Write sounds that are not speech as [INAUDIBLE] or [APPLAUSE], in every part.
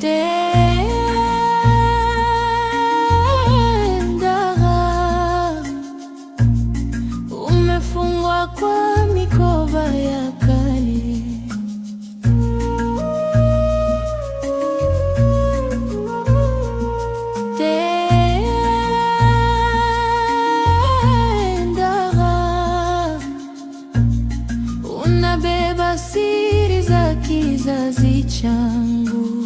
umetenda umefungwa kwa mikoba ya kale, tenda unabeba siri za kizazi changu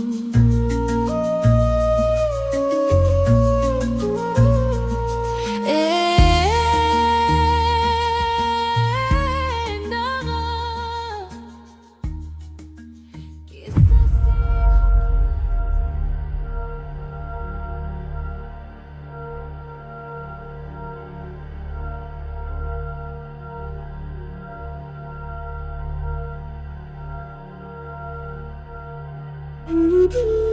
doo doo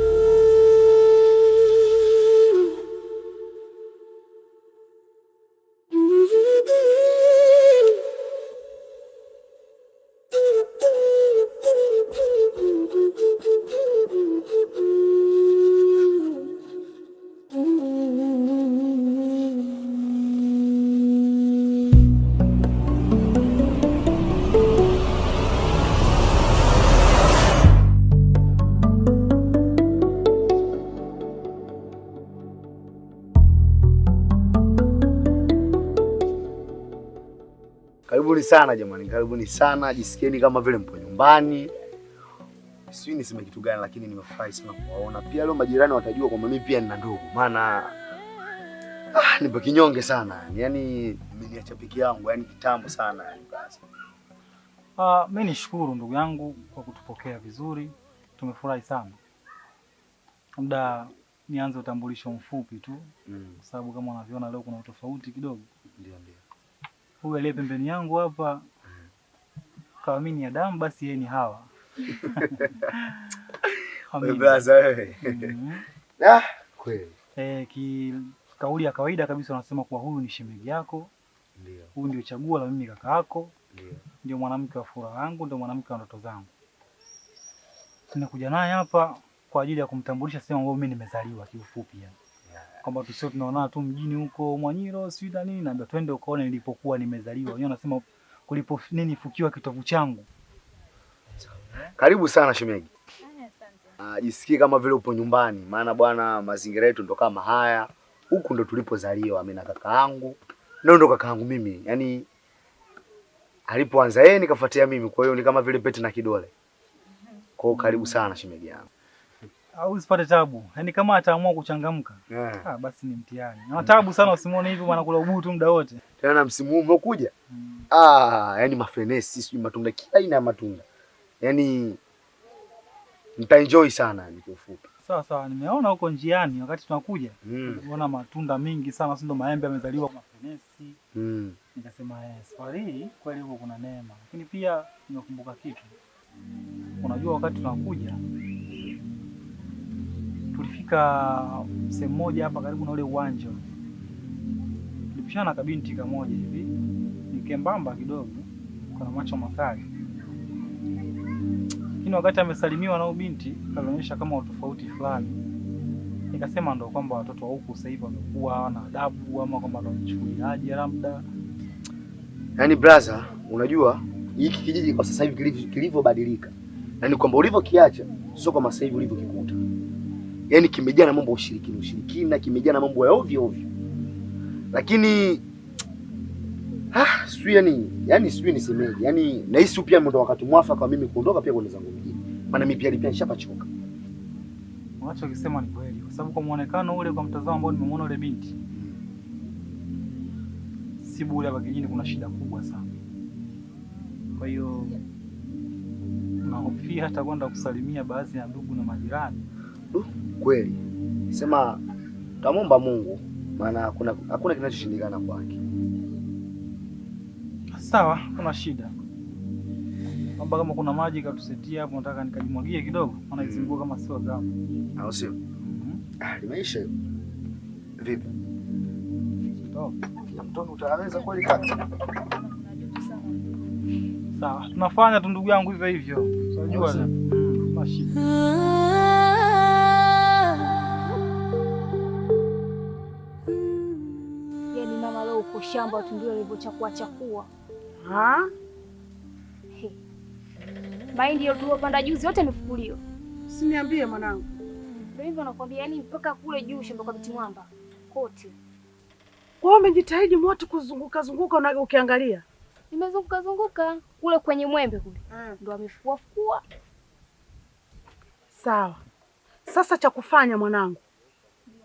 Karibuni sana jamani, karibuni sana, jisikieni kama vile mpo nyumbani. Sijui niseme kitu gani, lakini nimefurahi sana kuwaona. Pia leo majirani watajua kwamba mimi pia nina ndugu, maana ah, nipo kinyonge sana yaani mmeniacha peke yangu yaani kitambo sana yani. Basi ah, mimi nishukuru ndugu yangu kwa kutupokea vizuri, tumefurahi sana muda nianze utambulisho mfupi tu mm, kwa sababu kama unavyoona leo kuna utofauti kidogo. Ndio, ndio huyu aliye pembeni yangu hapa kama mimi ni Adamu, basi yeye ni Hawa. [LAUGHS] Mhm. Ah, eh, kauli ya kawaida kabisa wanasema kuwa huyu ni shemeji yako, huyu ndio chaguo la mimi kaka yako, ndio mwanamke wa furaha yangu, ndio mwanamke wa ndoto zangu. Nimekuja naye hapa kwa ajili ya kumtambulisha sehemu ambayo mimi nimezaliwa, kiufupi yani kwamba tusio tunaonana tu mjini huko Mwanyiro sijui na nini, naambia twende ukaone nilipokuwa nimezaliwa. Yeye anasema kulipo nini fukiwa kitovu changu. Karibu sana shemeji. Jisikie kama vile upo nyumbani, maana bwana, mazingira yetu ndo kama haya. Huku ndo tulipozaliwa mimi na kakaangu, na ndo kakaangu mimi, yani alipoanza yeye nikafuatia mimi, kwa hiyo ni kama vile pete na kidole. Kwa hiyo karibu sana shemeji yangu au usipate tabu. Yaani kama ataamua kuchangamka yeah. Ah, basi ni mtihani. Na tabu sana usimuone hivyo maana kula ubutu muda wote. Tena msimu huu umekuja. Mm. Ah, yani mafenesi, sijui matunda kila aina ya matunda. Yaani nitaenjoy sana ni kufupi. Sawa sawa, nimeona huko njiani wakati tunakuja. Mm. mm. matunda mengi sana, sindo maembe yamezaliwa mafenesi. Mm. Nikasema eh, safari kweli huko kuna neema. Lakini pia nimekumbuka kitu. Unajua wakati tunakuja tulifika sehemu moja hapa karibu na ule uwanja, tulipishana kabinti kamoja hivi, nikembamba kidogo, kana macho makali, lakini wakati amesalimiwa na ubinti alionyesha kama utofauti fulani. Nikasema ndo kwamba watoto wa huku sasa hivi wamekuwa adabu, ama kwamba wanachukuliaje labda. Yaani brother, unajua hiki kijiji kwa sasa hivi kilivyobadilika, ni yaani kwamba ulivyokiacha sio kama sasa hivi ulivyokikuta yani kimejaa na mambo ya ushirikina ushirikina, kimejaa na mambo ya ovyo ovyo, lakini ah, sio yani, yani sijui nisemeje, yani nahisi pia ndio wakati mwafaka wa mimi kuondoka pia kwenye zangu mjini, maana mimi pia pia nishapachoka. Unacho kisema ni kweli, kwa sababu kwa muonekano ule, kwa mtazamo ambao nimemuona ule binti Sibu ule hapa kijijini, kuna shida kubwa sana. Kwa hiyo nahofia hata kwenda kusalimia baadhi ya ndugu na majirani Du, kweli sema, tamomba Mungu maana hakuna hakuna kinachoshindikana kwake. Sawa, kuna shida kwamba kama kuna maji katusetia hapo, nataka nikajimwagie kidogo, maana izingua kama sio zamu, au sio? Mhm. Ah, limeisha vipi? Mtoto utaweza kweli kaka? Sawa, tunafanya tu ndugu yangu hivyo hivyo, unajua mm, na shida ah. shamba watu ndio walivyochakua chakua. Ha? yote Mahindi yaliyopanda juzi yote yamefukuliwa. Usiniambie mwanangu. Ndio hivyo nakwambia, yani mpaka kule juu shamba kwa Biti Mwamba kote. Kwa umejitahidi mwatu kuzunguka zunguka na ukiangalia. Nimezunguka zunguka kule kwenye mwembe kule. Mm. Ndio amefukua fukua. Sawa. Sasa cha kufanya mwanangu,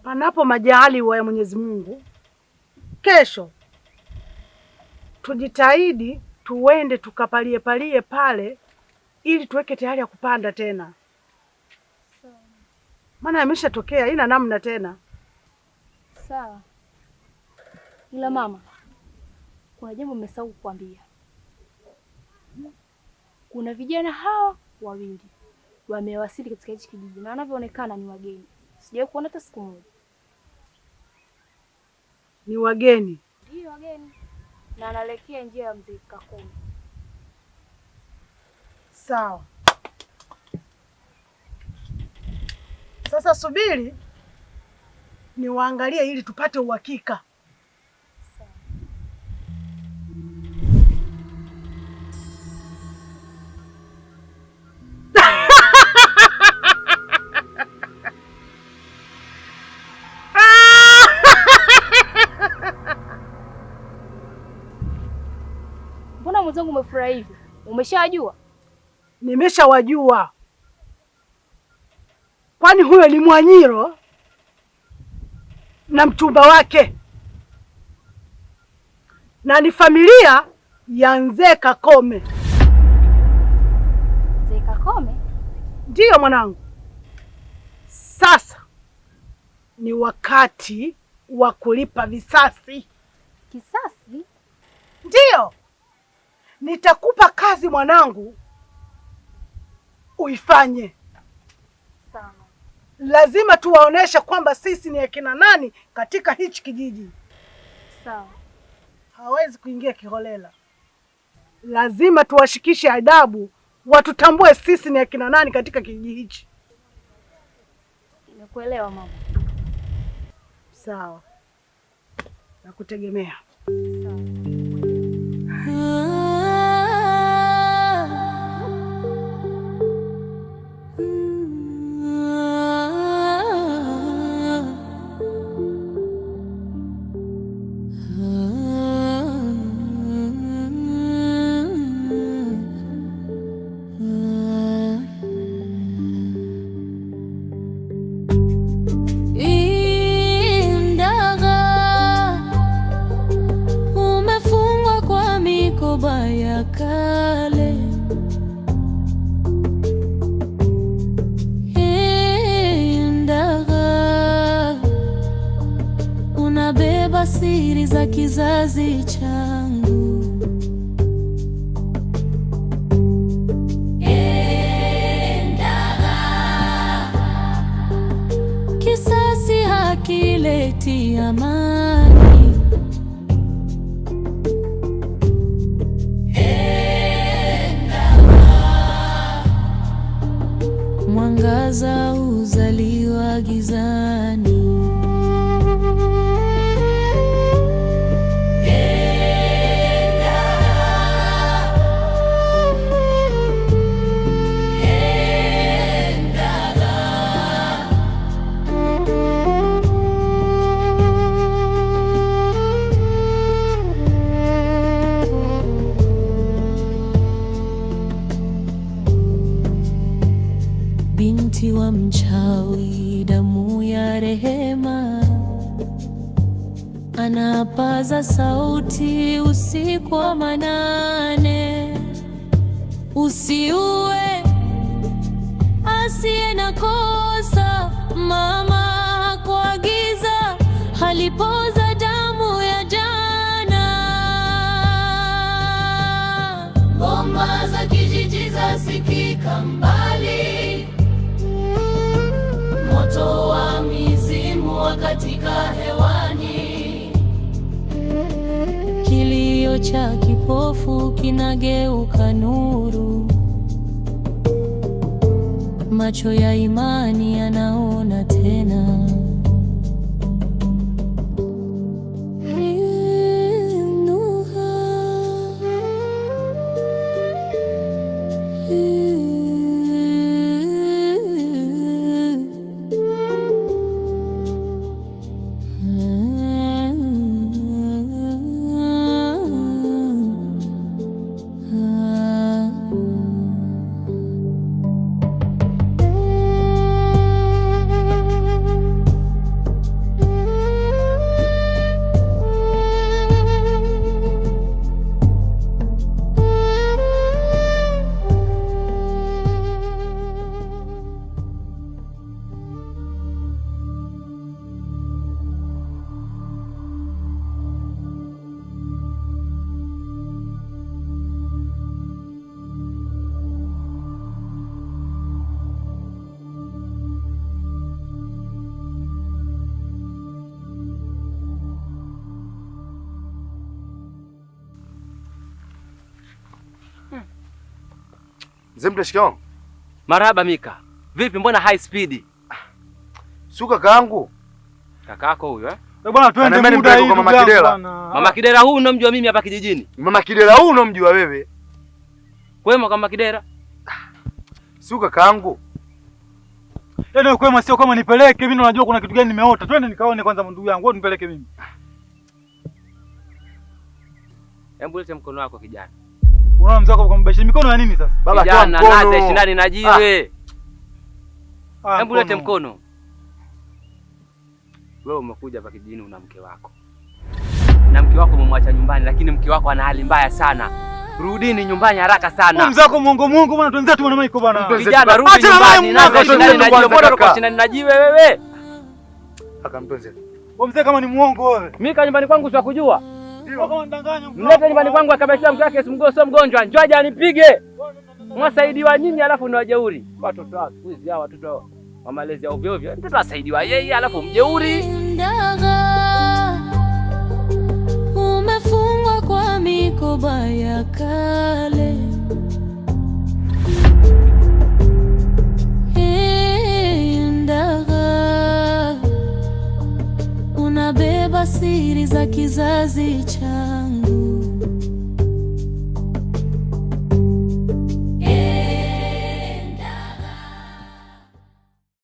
panapo majaliwa ya Mwenyezi Mungu, kesho tujitahidi tuende tukapalie palie pale ili tuweke tayari ya kupanda tena, maana yameshatokea, ina namna tena. Sawa, ila mama, kuna jambo mmesahau kukwambia. Kuna vijana hawa wawili wamewasili katika hichi kijiji na wanavyoonekana ni wageni, sijawahi kuona hata siku moja. Ni wageni? Ndio, wageni na analekea njia ya mzee Kakule. Sawa. Sasa subiri niwaangalie ili tupate uhakika. ghafla hivi. Umeshawajua? Nimeshawajua. Kwani huyo ni Mwanyiro na mchumba wake na ni familia ya Mzee Kakome. Mzee Kakome? Ndiyo mwanangu. Sasa ni wakati wa kulipa visasi. Kisasi? Ndiyo. Nitakupa kazi mwanangu, uifanye. Sawa. Lazima tuwaoneshe kwamba sisi ni akina nani katika hichi kijiji. Sawa. Hawezi kuingia kiholela, lazima tuwashikishe adabu, watutambue sisi ni akina nani katika kijiji hichi. Nimekuelewa mama. Sawa, nakutegemea. nani Wakati wa mchawi, damu ya rehema, anapaza sauti usiku wa manane: usiue asiye na kosa, mama hakuagiza, halipoza damu ya jana. Ngoma za kijiji zasikika mbali moto mizimu wakatika hewani. Kilio cha kipofu kinageuka nuru, macho ya imani yanaona tena. Mzembe, shikamoo. Marahaba Mika. Vipi, mbona high speed? Sio kakaangu. Kakako huyo eh? eh? bwana, twende muda hii. Mama Kidera. Mama Kidera huyu unamjua mimi hapa kijijini? Mama Kidera huyu unamjua wewe? Kwema kama Kidera. Sio kakaangu. Yaani kwema sio kama nipeleke mimi, unajua kuna kitu gani nimeota. Twende nikaone kwanza ndugu yangu, wewe nipeleke mimi. Hebu lete mkono wako kijana. Unaona mzako kwa mbashiri mikono ya nini sasa? Baba toa mkono. Jana naze shindani na jiwe. Ah. ah. Hebu lete mkono. Wewe umekuja hapa kijijini una mke wako. Na mke wako umemwacha nyumbani lakini mke wako ana hali mbaya sana. Rudini nyumbani haraka sana. Mzako Mungu Mungu bwana tuanze tu mwana maiko bwana. Vijana rudi Acha na mimi Naze shindani na jiwe. Bora kwa shindani na jiwe wewe. Akamtonze. Wewe mzee kama ni muongo wewe. Mimi kanyumbani kwangu siwakujua mlete nyumbani kwangu, akabakisha mke wake simgo, sio mgonjwa, njoo aje anipige. Mwasaidiwa nyinyi, alafu ndio wajeuri watoto wao. Siku hizi hao watoto wa malezi ya ovyo ovyo, mtoto asaidiwa yeye, alafu mjeuri. Umefungwa kwa mikoba ya kale ee, siri za kizazi